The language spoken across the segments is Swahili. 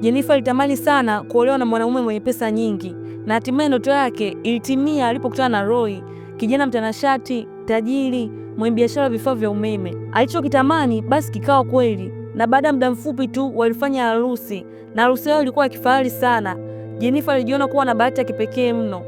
Jenifa alitamani sana kuolewa na mwanaume mwenye pesa nyingi, na hatimaye ndoto yake ilitimia alipokutana na Roy, kijana mtanashati, tajiri, mwenye biashara vifaa vya umeme. Alichokitamani basi kikawa kweli, na baada ya muda mfupi tu walifanya harusi, na harusi yao ilikuwa ya kifahari sana. Jenifa alijiona kuwa na bahati ya kipekee mno.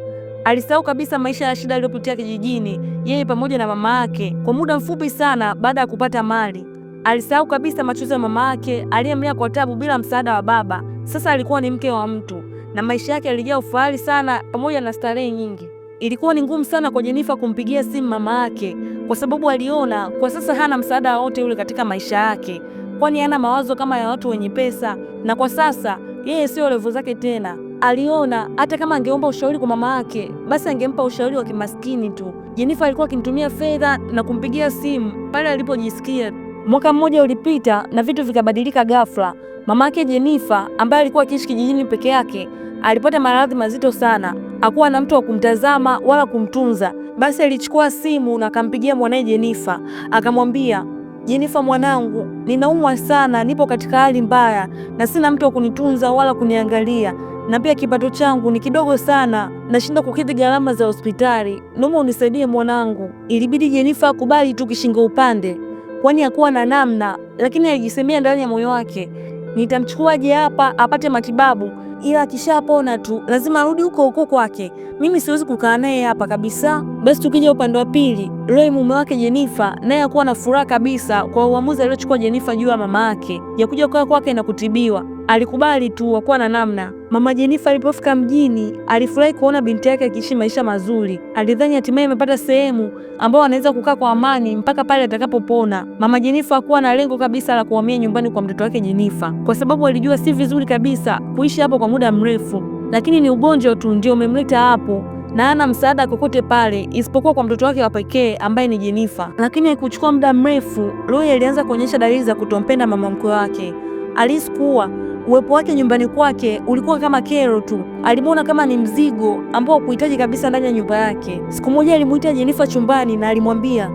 Alisahau kabisa maisha ya shida aliyopitia kijijini, yeye pamoja na mama yake, kwa muda mfupi sana baada ya kupata mali. Alisahau kabisa machozi ya mama yake aliyemlea kwa tabu bila msaada wa baba. Sasa alikuwa ni mke wa mtu na maisha yake yalijaa ufahari sana pamoja na starehe nyingi. Ilikuwa ni ngumu sana kwa Jenifa kumpigia simu mama yake, kwa sababu aliona kwa sasa hana msaada wowote ule katika maisha yake, kwani hana mawazo kama ya watu wenye pesa, na kwa sasa yeye sio levo zake tena. Aliona hata kama angeomba ushauri kwa mama yake, basi angempa ushauri wa kimaskini tu. Jenifa alikuwa akimtumia fedha na kumpigia simu pale alipojisikia Mwaka mmoja ulipita na vitu vikabadilika ghafla. yake Jenifa ambaye alikuwa akiishi kijijini peke yake alipata maradhi mazito sana, hakuwa na mtu wa kumtazama wala kumtunza. Basi alichukua simu na akampigia mwanaye Jenifa, akamwambia Jenifa, mwanangu, ninaumwa sana, nipo katika hali mbaya na sina mtu wa kunitunza wala kuniangalia, na pia kipato changu ni kidogo sana, nashindwa kukidhi gharama za hospitali. Naomba unisaidie mwanangu. Ilibidi Jenifa akubali tu kishingo upande kwani hakuwa na namna, lakini alijisemea ndani ya moyo wake, nitamchukuaje hapa apate matibabu, ila akishapona tu lazima arudi huko huko kwake. Mimi siwezi kukaa naye hapa kabisa. Basi tukija upande wa pili, Roy mume wake Jenifa naye hakuwa na furaha kabisa kwa uamuzi aliochukua Jenifa juu ya mama yake ya kuja kukaa kwake na kutibiwa. Alikubali tu, hakuwa na namna. Mama Jenifa alipofika mjini, alifurahi kuona binti yake akiishi maisha mazuri. Alidhani hatimaye amepata sehemu ambao anaweza kukaa kwa amani mpaka pale atakapopona. Mama Jenifa hakuwa na lengo kabisa la kuhamia nyumbani kwa mtoto wake Jenifa, kwa sababu alijua si vizuri kabisa kuishi hapo kwa muda mrefu, lakini ni ugonjwa tu ndio umemleta hapo na ana msaada kokote pale isipokuwa kwa mtoto wake wa pekee ambaye ni Jenifa. Lakini haikuchukua muda mrefu, Roy alianza kuonyesha dalili za kutompenda mama mkwe wake. Alihisi kuwa Uwepo wake nyumbani kwake ulikuwa kama kero tu, alimwona kama ni mzigo ambao kuhitaji kabisa ndani ya nyumba yake. Siku moja alimuita Jenifa chumbani na alimwambia,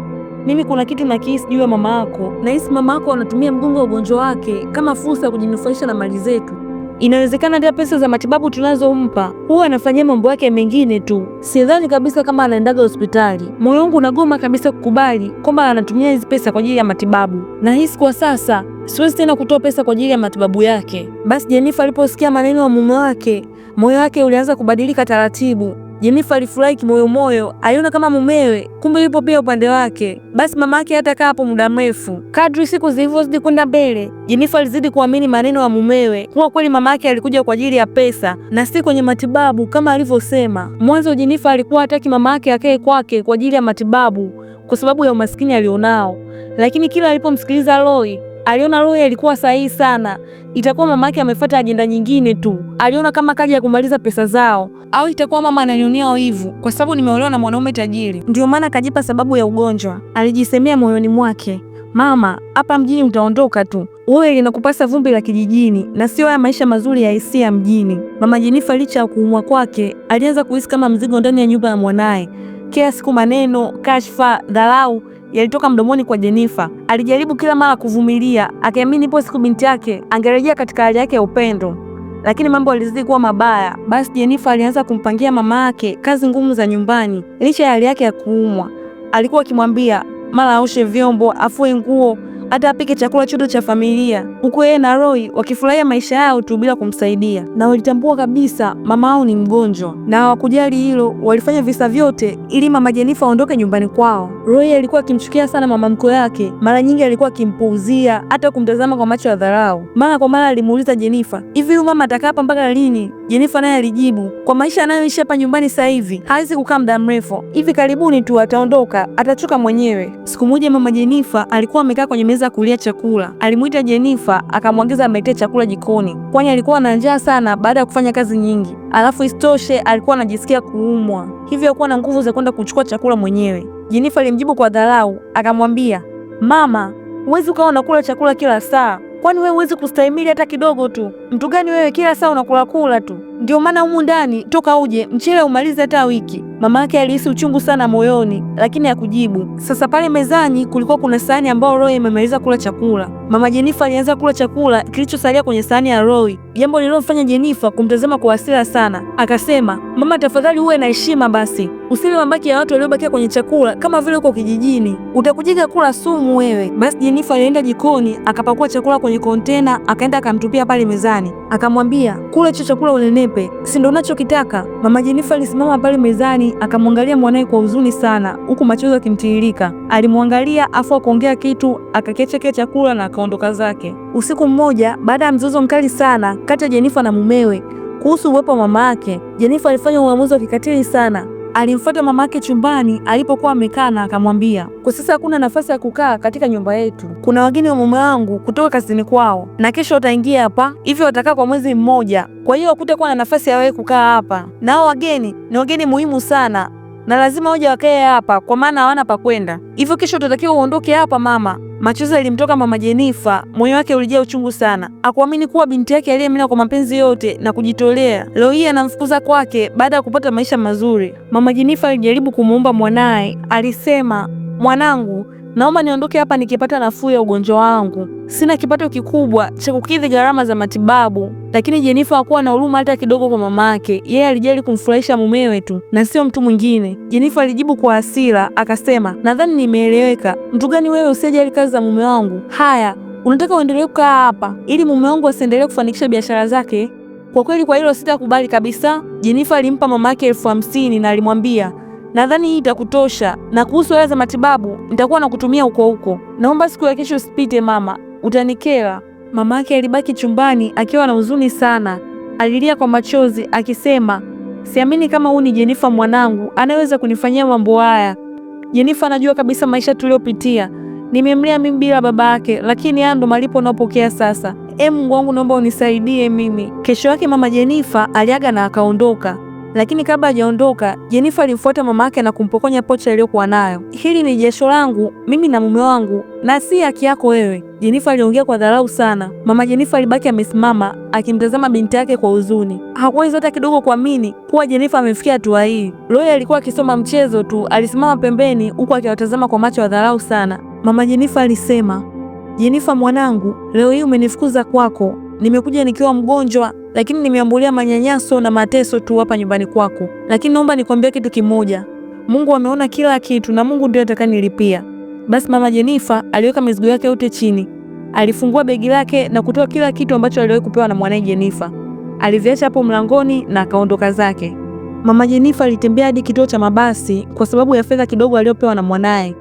mimi kuna kitu nakihisi juu ya mama yako, nahisi mama yako anatumia mgongo wa ugonjwa wake kama fursa ya kujinufaisha na mali zetu. Inawezekana hata pesa za matibabu tunazompa huwa anafanyia mambo yake mengine tu. Sidhani kabisa kama anaendaga hospitali. Moyo wangu unagoma kabisa kukubali kwamba anatumia hizi pesa kwa ajili ya matibabu. Nahisi kwa sasa siwezi tena kutoa pesa kwa ajili ya matibabu yake. Basi Jenifa aliposikia maneno ya mume wake, moyo wake ulianza kubadilika taratibu. Jenifa alifurahi kimoyomoyo, aliona kama mumewe kumbe yupo pia upande wake. Basi mama yake hatakaa hapo muda mrefu. Kadri siku zilivyozidi kwenda mbele, Jenifa alizidi kuamini maneno ya mumewe kuwa kweli mama yake alikuja kwa ajili ya pesa na si kwenye matibabu kama alivyosema mwanzo. Jenifa alikuwa hataki mama yake akae kwake kwa ajili ya matibabu kwa sababu ya umaskini alionao, lakini kila alipomsikiliza Roy aliona roho ilikuwa sahihi sana. Itakuwa mama yake amefuata ajenda nyingine tu, aliona kama kaja ya kumaliza pesa zao, au itakuwa mama ananionia wivu kwa sababu nimeolewa na mwanaume tajiri, ndio maana akajipa sababu ya ugonjwa. Alijisemea moyoni mwake, mama, hapa mjini utaondoka tu wewe linakupasa vumbi la kijijini na sio haya maisha mazuri ya hisia mjini. Mama Jenifa licha ya kuumwa kwake alianza kuhisi kama mzigo ndani ya nyumba ya mwanaye. Kila siku maneno, kashfa, dharau yalitoka mdomoni kwa Jenifa. Alijaribu kila mara kuvumilia, akiamini ipo siku binti yake angerejea katika hali yake ya upendo, lakini mambo yalizidi kuwa mabaya. Basi Jenifa alianza kumpangia mama yake kazi ngumu za nyumbani. Licha ya hali yake ya kuumwa, alikuwa akimwambia mara aoshe vyombo, afue nguo hata apike chakula chote cha familia, huku yeye na Roy wakifurahia maisha yao tu bila kumsaidia. Na walitambua kabisa mama yao ni mgonjwa na hawakujali hilo, walifanya visa vyote ili mama Jenifa aondoke nyumbani kwao. Roy alikuwa akimchukia sana mama mkwe yake, mara nyingi alikuwa akimpuuzia, hata kumtazama kwa macho ya dharau. Mara kwa mara alimuuliza Jenifa, hivi huyu mama atakaa hapa mpaka lini? Jenifa naye alijibu, kwa maisha anayoishi hapa nyumbani sasa hivi hawezi kukaa muda mrefu, hivi karibuni tu ataondoka, atachoka mwenyewe. Siku moja mama Jenifa alikuwa amekaa kwenye meza kuweza kulia chakula. Alimwita Jenifa akamwagiza amletee chakula jikoni, kwani alikuwa na njaa sana baada ya kufanya kazi nyingi. Alafu istoshe alikuwa anajisikia kuumwa, hivyo hakuwa na nguvu za kwenda kuchukua chakula mwenyewe. Jenifa alimjibu kwa dharau, akamwambia mama, huwezi ukawa unakula chakula kila saa kwani wewe huwezi kustahimili hata kidogo tu? Mtu gani wewe, kila saa unakula kula tu? Ndio maana humu ndani toka uje mchele umalize hata wiki. Mama yake alihisi uchungu sana moyoni, lakini hakujibu. Sasa pale mezani kulikuwa kuna sahani ambayo Roy amemaliza kula chakula. Mama Jenifa alianza kula chakula kilichosalia kwenye sahani ya Roy, jambo lililomfanya Jenifa kumtazama kwa hasira sana. Akasema, mama, tafadhali uwe na heshima basi, usile mabaki ya watu waliobakia kwenye chakula kama vile uko kijijini, utakujenga kula sumu wewe. Basi Jenifa alienda jikoni akapakua chakula kwenye kontena, akaenda akamtupia pale mezani, akamwambia, kula hicho chakula unenepe, si ndio unachokitaka? Mama Jenifa alisimama pale mezani akamwangalia mwanaye kwa huzuni sana, huku machozi akimtiririka. Alimwangalia afu akaongea kitu, akakechekia chakula na akaondoka zake. Usiku mmoja, baada ya mzozo mkali sana kati ya Jenifa na mumewe kuhusu uwepo wa mama yake, Jenifa alifanya uamuzi wa kikatili sana alimfuata mamake chumbani alipokuwa amekaa na akamwambia, kwa sasa hakuna nafasi ya kukaa katika nyumba yetu, kuna wageni wa mume wangu kutoka kazini kwao, na kesho wataingia hapa, hivyo watakaa kwa mwezi mmoja. Kwa hiyo hakutakuwa na nafasi ya wewe kukaa hapa, na hao wageni ni wageni muhimu sana na lazima waje wakae hapa, kwa maana hawana pa kwenda. Hivyo kesho utatakiwa uondoke hapa, mama, Machozi yalimtoka mama Jenifa, moyo wake ulijaa uchungu sana. akuamini kuwa binti yake aliyemlea kwa mapenzi yote na kujitolea leo hii anamfukuza kwake baada ya kupata maisha mazuri. Mama Jenifa alijaribu kumuomba mwanaye, alisema mwanangu, Naomba niondoke hapa nikipata nafuu ya ugonjwa wangu. Sina kipato kikubwa cha kukidhi gharama za matibabu. Lakini Jenifa hakuwa na huruma hata kidogo kwa mama yake. Yeye alijali kumfurahisha mumewe tu na sio mtu mwingine. Jenifa alijibu kwa hasira akasema, nadhani nimeeleweka. Mtu gani wewe usijali kazi za mume wangu? Haya, unataka uendelee kukaa hapa ili mume wangu asiendelee kufanikisha biashara zake? Kwa kweli, kwa hilo sitakubali kabisa. Jenifa alimpa mama elfu hamsini na alimwambia Nadhani hii itakutosha, na kuhusu hela za matibabu nitakuwa nakutumia huko huko. Naomba siku ya kesho usipite mama, utanikera. Mama yake alibaki chumbani akiwa na huzuni sana, alilia kwa machozi akisema, siamini kama huyu ni Jenifa mwanangu anayeweza kunifanyia mambo haya. Jenifa anajua kabisa maisha tuliyopitia, nimemlea mimi bila baba yake, lakini haya ndo malipo unaopokea sasa. E Mungu wangu, naomba unisaidie mimi. Kesho yake mama Jenifa aliaga na akaondoka lakini kabla hajaondoka Jenifa alimfuata mamake na kumpokonya pocha iliyokuwa nayo. Hili ni jasho langu mimi na mume wangu na si haki yako wewe, Jenifa aliongea kwa dharau sana. Mama Jenifa alibaki amesimama akimtazama binti yake kwa huzuni. Hakuwezi hata kidogo kuamini kuwa Jenifa amefikia hatua hii. Roy alikuwa akisoma mchezo tu, alisimama pembeni huku akiwatazama kwa macho ya dharau sana. Mama Jenifa alisema, Jenifa mwanangu, leo hii umenifukuza kwako, nimekuja nikiwa mgonjwa lakini nimeambulia manyanyaso na mateso tu hapa nyumbani kwako. Lakini naomba nikwambie kitu kimoja, Mungu ameona kila kitu na Mungu ndiye atakayenilipia. Basi mama Jenifa aliweka mizigo yake yote chini, alifungua begi lake na kutoa kila kitu ambacho aliwahi kupewa na mwanae Jenifa. Aliviacha hapo mlangoni na akaondoka zake. Mama Jenifa alitembea hadi kituo cha mabasi kwa sababu ya fedha kidogo aliyopewa na mwanae.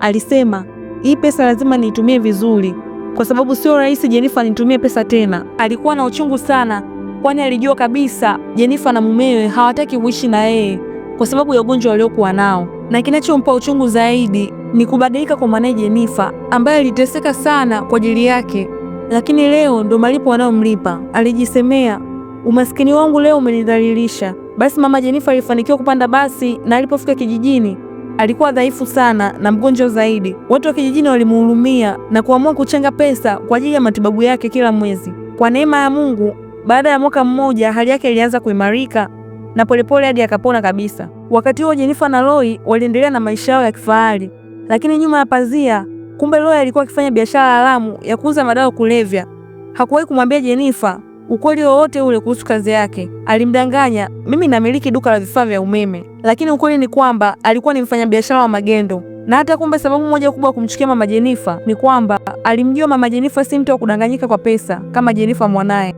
Alisema hii pesa lazima niitumie vizuri, kwa sababu sio rahisi Jenifa anitumie pesa tena. Alikuwa na uchungu sana kwani alijua kabisa Jenifa na mumewe hawataki kuishi na yeye kwa sababu ya ugonjwa waliokuwa nao, na kinachompa uchungu zaidi ni kubadilika kwa mwanaye Jenifa ambaye aliteseka sana kwa ajili yake, lakini leo ndo malipo wanayomlipa. Alijisemea, umaskini wangu leo umenidhalilisha. Basi mama Jenifa alifanikiwa kupanda basi, na alipofika kijijini alikuwa dhaifu sana na mgonjwa zaidi. Watu wa kijijini walimhurumia na kuamua kuchenga pesa kwa ajili ya matibabu yake kila mwezi. Kwa neema ya Mungu baada ya mwaka mmoja, hali yake ilianza kuimarika na polepole hadi akapona kabisa. Wakati huo Jenifa na Roy waliendelea na maisha yao ya kifahari, lakini nyuma ya pazia, kumbe Roy alikuwa akifanya biashara haramu ya kuuza madawa kulevya. Hakuwahi kumwambia Jenifa ukweli wowote ule kuhusu kazi yake. Alimdanganya, mimi namiliki duka la vifaa vya umeme, lakini ukweli ni kwamba alikuwa ni mfanyabiashara wa magendo. Na hata kumbe, sababu moja kubwa kumchukia mama Jenifa ni kwamba alimjua mama Jenifa si mtu wa kudanganyika kwa pesa kama Jenifa mwanaye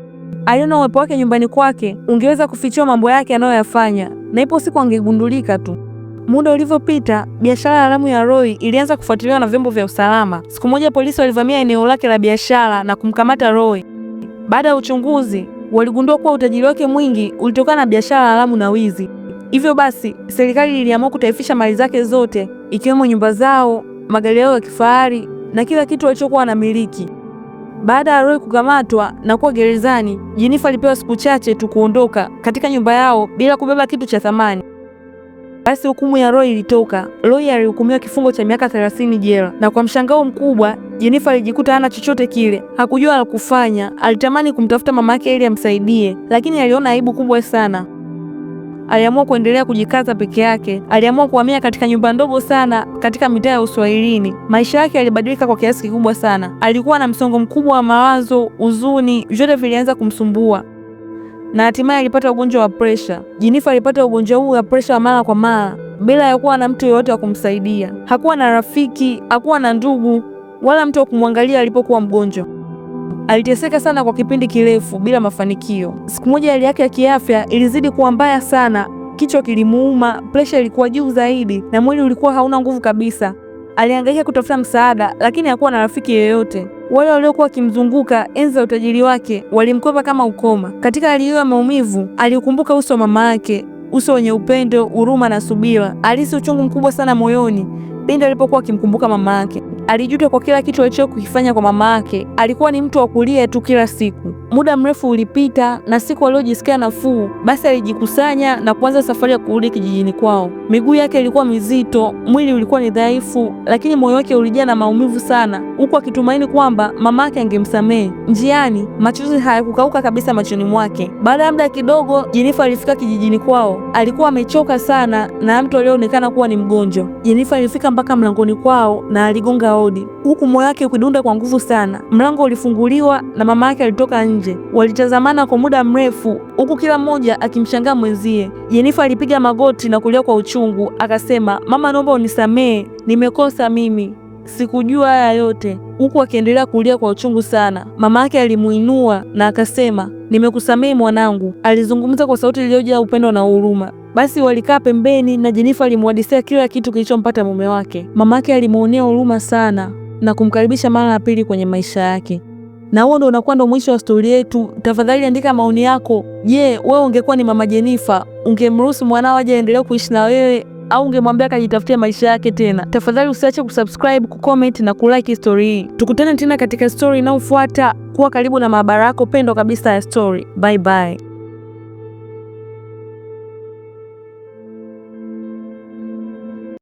aliona uwepo wake nyumbani kwake ungeweza kufichua mambo yake anayoyafanya na ipo siku angegundulika tu. Muda ulivyopita, biashara haramu ya Roy ilianza kufuatiliwa na vyombo vya usalama. Siku moja polisi walivamia eneo lake la biashara na kumkamata Roy. Baada ya uchunguzi, waligundua kuwa utajiri wake mwingi ulitokana na biashara haramu na wizi. Hivyo basi, serikali iliamua kutaifisha mali zake zote, ikiwemo nyumba zao, magari yao ya kifahari na kila kitu walichokuwa miliki baada ya Roy kukamatwa na kuwa gerezani, Jenifa alipewa siku chache tu kuondoka katika nyumba yao bila kubeba kitu cha thamani. Basi hukumu ya Roy ilitoka. Roy alihukumiwa kifungo cha miaka 30 jela, na kwa mshangao mkubwa Jenifa alijikuta hana chochote kile. Hakujua la kufanya, alitamani kumtafuta mama yake ili amsaidie, lakini aliona aibu kubwa sana aliamua kuendelea kujikaza peke yake. Aliamua kuhamia katika nyumba ndogo sana katika mitaa ya Uswahilini. Maisha yake yalibadilika kwa kiasi kikubwa sana. Alikuwa na msongo mkubwa wa mawazo, huzuni, vyote vilianza kumsumbua na hatimaye alipata ugonjwa wa presha. jinifa alipata ugonjwa huu wa presha wa mara kwa mara bila ya kuwa na mtu yeyote wa kumsaidia. Hakuwa na rafiki, hakuwa na ndugu wala mtu wa kumwangalia alipokuwa mgonjwa. Aliteseka sana kwa kipindi kirefu bila mafanikio. Siku moja hali yake ya kiafya ilizidi kuwa mbaya sana, kichwa kilimuuma, presha ilikuwa juu zaidi, na mwili ulikuwa hauna nguvu kabisa. Alihangaika kutafuta msaada, lakini hakuwa na rafiki yeyote. Wale waliokuwa wakimzunguka enzi ya utajiri wake walimkwepa kama ukoma. Katika hali hiyo ya maumivu, aliukumbuka uso wa mama yake, uso wenye upendo, huruma na subira. Alihisi uchungu mkubwa sana moyoni Binda alipokuwa akimkumbuka mama yake, alijuta kwa kila kitu alichokuwa kukifanya kwa mama yake. Alikuwa ni mtu wa kulia tu kila siku. Muda mrefu ulipita na siku aliyojisikia nafuu, basi alijikusanya na kuanza safari ya kurudi kijijini kwao. Miguu yake ilikuwa mizito, mwili ulikuwa ni dhaifu, lakini moyo wake ulijaa na maumivu sana, huku akitumaini kwamba mama yake angemsamehe. Njiani machozi hayakukauka kabisa machoni mwake. Baada ya muda kidogo, Jenifa alifika kijijini kwao. Alikuwa amechoka sana na mtu aliyeonekana kuwa ni mgonjwa. Jenifa alifika mpaka mlangoni kwao na aligonga hodi, huku moyo wake ukidunda kwa nguvu sana. Mlango ulifunguliwa na mama yake alitoka nje. Walitazamana kwa muda mrefu, huku kila mmoja akimshangaa mwenzie. Jenifa alipiga magoti na kulia kwa uchungu, akasema, mama, naomba unisamehe, nimekosa mimi, sikujua haya yote huku akiendelea kulia kwa uchungu sana. Mama yake alimuinua na akasema, nimekusamehe mwanangu, alizungumza kwa sauti iliyojaa upendo na huruma. Basi walikaa pembeni na Jenifa alimwadisia kila kitu kilichompata mume wake. Mamake alimuonea huruma sana na kumkaribisha mara ya pili kwenye maisha yake. Na huo ndo unakuwa ndo mwisho wa stori yetu. Tafadhali andika maoni yako. Je, wewe ungekuwa ni mama Jenifa, ungemruhusu mwanao aje aendelee kuishi na wewe au ungemwambia akajitafutia maisha yake tena? Tafadhali usiache kusubscribe, kucomment na kulike stori hii. Tukutane tena katika stori inayofuata. Kuwa karibu na maabara yako pendwa kabisa ya stori. Bye bye.